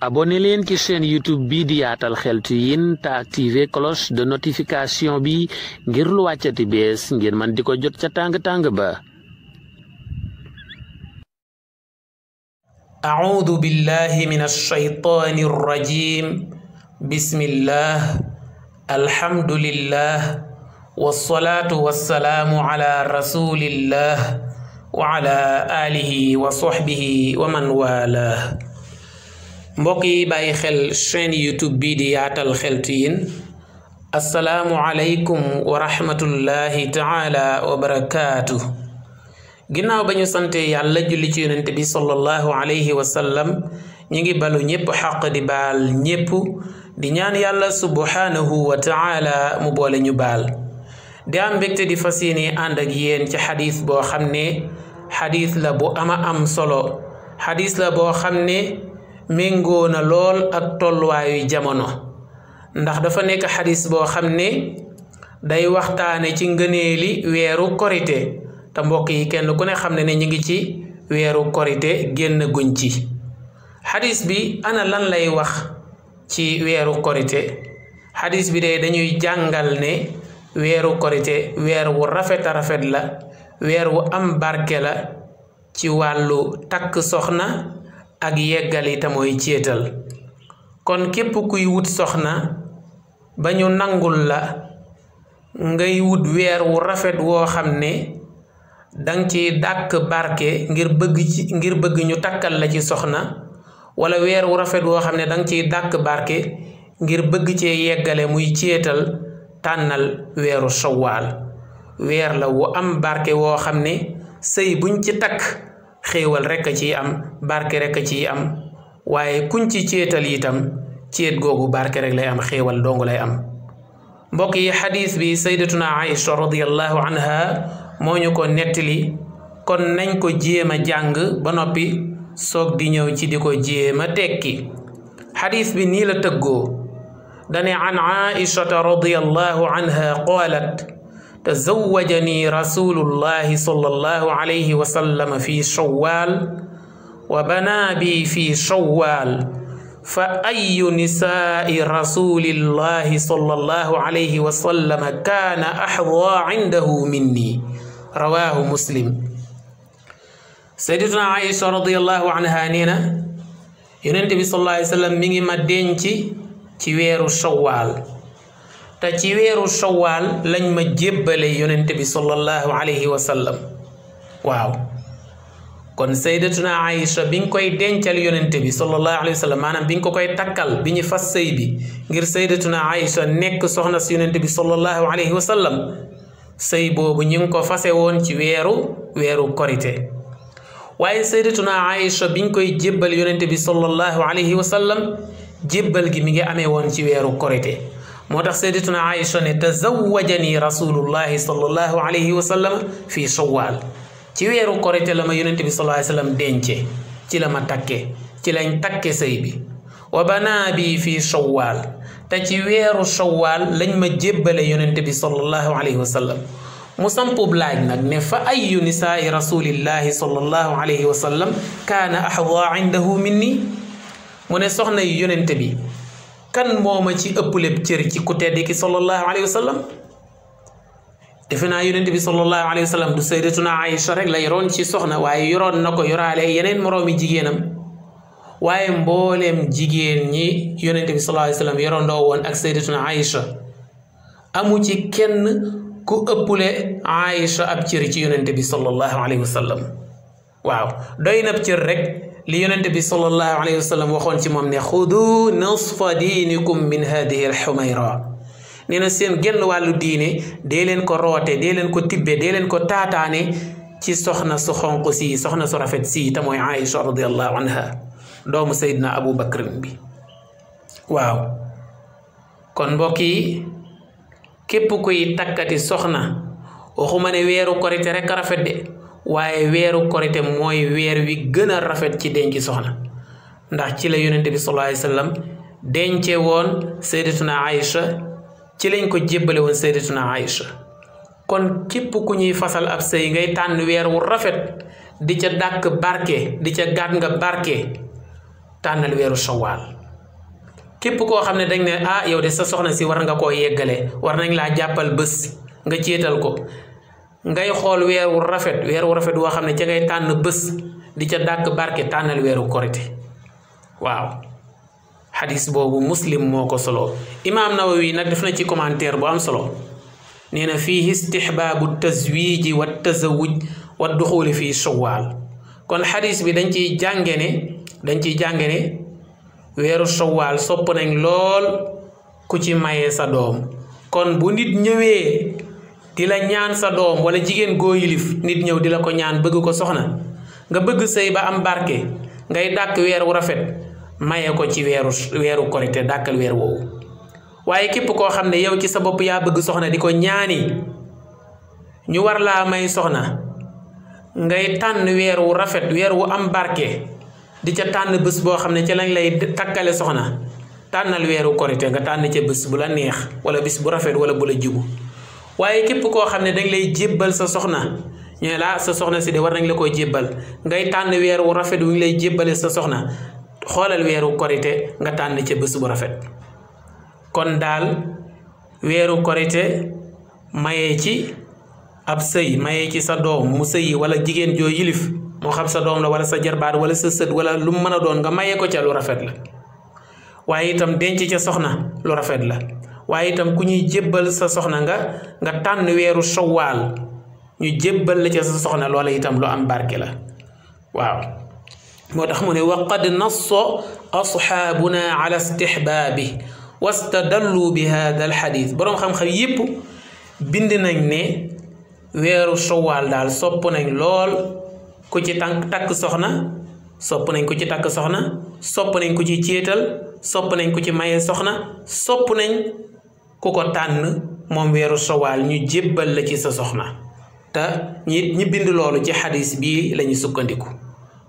abonné leen ci chaîne youtube bi di yaatal xeltu yin te activé cloche de notification bi ngir lu wàccati bees ngir man di ko jot ca tàng-tàng ba a'udhu billahi minash shaytanir rajim bismillah alhamdulillah wassalatu wassalamu wa ala wa man walah mbokk yi bàyyi xel chaîne youtube bii di yaatal xeltu yin asalaamu aleykum wa rahmatullahi wa barakaatu ginnaaw ba ñu sante yàlla julli ci yonente bi sallallahu alayhi wa sallam ñi ngi balu ñépp xaq di baal ñépp di ñaan yàlla subhaanahu wa taala mu boole ñu baal di am mbégte di fas yéene ànd ak yéen ci xadiis boo xam ne xadiis la bu ama am solo xadis la boo xam ne méngoo na lool ak tolluwaayu jamono ndax dafa nekk xadis boo xam ne day waxtaane ci ngëneeli weeru korite te mbokk yi kenn ku ne xam ne ne ñu ngi ci weeru korite génn ci xadis bi ana lan lay wax ci weeru korite xadis bi de dañuy jàngal ne weeru korite weer wu rafet a rafet la weer wu am barke la ci wàllu takk soxna ak yeggali te mooy céetal kon képp kuy wut soxna ba ñu nangul la ngay wut weer wu rafet woo xam ne danga ci dàkk barke ngir bëgg ci ngir bëgg ñu takkal la ci soxna wala weer wu rafet woo xam ne danga ciy dàkk barke ngir bëgg cee yeggale muy céetal tànnal weeru sowaal weer la wu am barke woo xam ni sëy buñ ci takk xéewal rekk a ci am barke rekk a ci am waaye kuñ ci céetal itam céet googu barke rek lay am xéewal dong lay am mbokk yi xadiis bi na aïcha radiallahu anha moo ñu ko nettali kon nañ ko jéem a jàng ba noppi soog di ñëw ci di ko jéem a tekki xadiis bi nii la tëggoo dane an aïchata radiallahu anha qaalat tazawwajani rasulullahi sallallahu alayhi wa sallam fi shawwal wa banaa bi fi shawwal fa ayu nisaai rasulillahi sallallahu alayhi wa sallam kaana axdaa indahu minni rawaahu muslim sayyidatuna Aïcha radiyallahu anha nee na yonent bi sallallahu alayhi wa sallam mi ngi ma denc ci weeru shawwal te ci weeru shawaal lañ ma jébbale yonent bi sallallahu alayhi wa sallam waaw kon saydatuna aïcha bi nga koy dencal yonent bi sallallahu alayhi wa maanaam bi nga ko koy takkal bi ñu fas sëy bi ngir saydatuna aïcha nekk soxna si yonent bi sallallahu alayhi wa sallam sëy boobu ñu ngi ko fase woon ci weeru weeru korite waaye saydatuna aïcha bi nga koy jébbal yonent bi sallallahu alayhi wa sallam jébbal gi mi ngi amee woon ci weeru korite moo tax sayyidatuna Aïcha ne tazawwajani rasulullahi sallallahu alayhi wa sallam fii shawwal ci weeru korite la ma yonente bi sallallahu alayhi wa sallam dencee ci la ma takke ci lañ takke sëy bi wa banaa bi fii shawwal te ci weeru shawwal lañ ma jébbale yonente bi sallallahu alayhi wa sallam mu sampub laaj nag ne fa ay nisaai rasulillahi sallallahu alayhi wa sallam kaana axdaa indahu minni mu ne soxna yi bi kan moo ma ci ëppaleb cër ci ku tedd ki sallallahu alayhi wa sallam defe naa yonent bi sallallahu alayhi wa sallam du sayyidatuna Aïcha rek la yoroon ci soxna waaye yoroon na ko yoraale yeneen moroomi jigéenam waaye mboolem jigéen ñi yonent bi sallallahu alayhi wa sallam yorondoo woon ak sayyidatuna Aïcha amu ci kenn ku ëppale Aïcha ab cër ci yonent bi sallallahu alayhi wa sallam waaw doy na ab cër rek. li yonente bi sallallahu alayhi wa sallam waxoon ci moom ne xudu nisfa diinikum min hadihi alxumayra nee na seen genn wàllu diine de leen ko roote dee leen ko tibbe de leen ko taataane ci soxna su xonq si soxna su rafet sii te mooy Aïcha radiallahu anha doomu Seydina Abu Bakrin bi waaw kon mbokk yi képp kuy takkati soxna waxuma ne weeru korite rekk rafet de waaye weeru korite mooy weer wi gën a rafet ci denc soxna ndax ci la yonente bi sallallahu alayhi wasallam dence woon sayyidatuna Aïcha ci lañ ko jébbale woon sayyidatuna Aïcha kon képp ku ñuy fasal ab sëy ngay tànn weer wu rafet di ca dàkk barke di ca gàtt nga barke tànnal weeru shawaal képp koo xam ne dañ ne ah yow de sa soxna si war nga koo yeggale war nañ laa jàppal bés nga céetal ko ngay xool weer wu rafet weeru wu rafet woo xam ne ca ngay tànn bés di ca dàkk barke tànnal weeru korite waaw xadis boobu muslim moo ko solo imaam nawawi nag def na ci commentaire bu am solo nee na fii istixbaabu taswiji wa tazawuj wa duxuli fii shawal kon xadis bi dañ ciy jànge ne dañ ciy jànge ne weeru shawal sopp nañ lool ku ci maye sa doom kon bu nit ñëwee di la ñaan sa doom wala jigéen goo yilif nit ñëw di la ko ñaan bëgg ko soxna nga bëgg sëy ba am barke ngay dàkk weer wu rafet maye ko ci weeru weeru korite dàkkal weer woowu waaye képp koo xam ne yow ci sa bopp yaa bëgg soxna di ko ñaani ñu war laa may soxna ngay tànn weer wu rafet weer wu am barke di ca tànn bés boo xam ne ci lañ lay takkale soxna tànnal weeru korite nga tànn ca bés bu la neex wala bés bu rafet wala bu la jubu waaye képp koo xam ne dañ lay jébbal sa soxna ñu ne laa sa soxna si de war nañ la koo jébbal ngay tànn weer wu rafet wu ñu lay jébbalee sa soxna xoolal weeru korite nga tànn ca bés bu rafet kon daal weeru korite mayee ci ab sëy mayee ci sa doom mu sëyi wala jigéen joo yilif moo xam sa doom la wala sa jarbaat wala sa sët wala lu mu mën a doon nga mayee ko ca lu rafet la waaye itam denc ca soxna lu rafet la waaye itam ku ñuy jébbal sa soxna nga nga tànn weeru sowaal ñu jébbal la ca soxna loola itam lu am barki la waaw moo tax mu ne wa qad nasso asxaabuna ala bi hada alxadis boroom xam-xam yépp bind nañ ne weeru sowaal daal sopp nañ lool ku ci tànk takk soxna sopp nañ ko ci takk soxna sopp nañ ko ci céetal sopp nañ ko ci maye soxna sopp nañ ku ko tànn moom weeru sowaal ñu jébbal la ci sa soxna te ñi ñi bind loolu ci xadis bi lañuy sukkandiku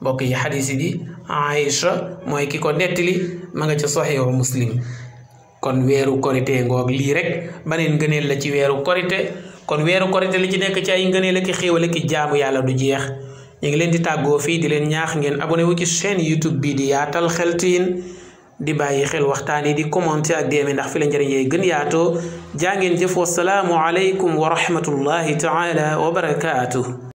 mbokk yi xadis bi Aïcha mooy ki ko nettali ma nga ca saxiixu muslim kon weeru korité ngoog lii rek neen ngëneel la ci weeru korité kon weeru korité li ci nekk ci ay ngëneel ak la ak jaamu yàlla du jeex ñu ngi leen di tàggoo fii di leen ñaax ngeen abonné wu ci chaîne YouTube bii di yaatal xeltiin di bàyyi xel waxtaan yi di commenter ak di ndax fi la gën yaatoo jaa ngeen jëf wasalaamu aleykum wa rahmatullahi taala wa barakaatu.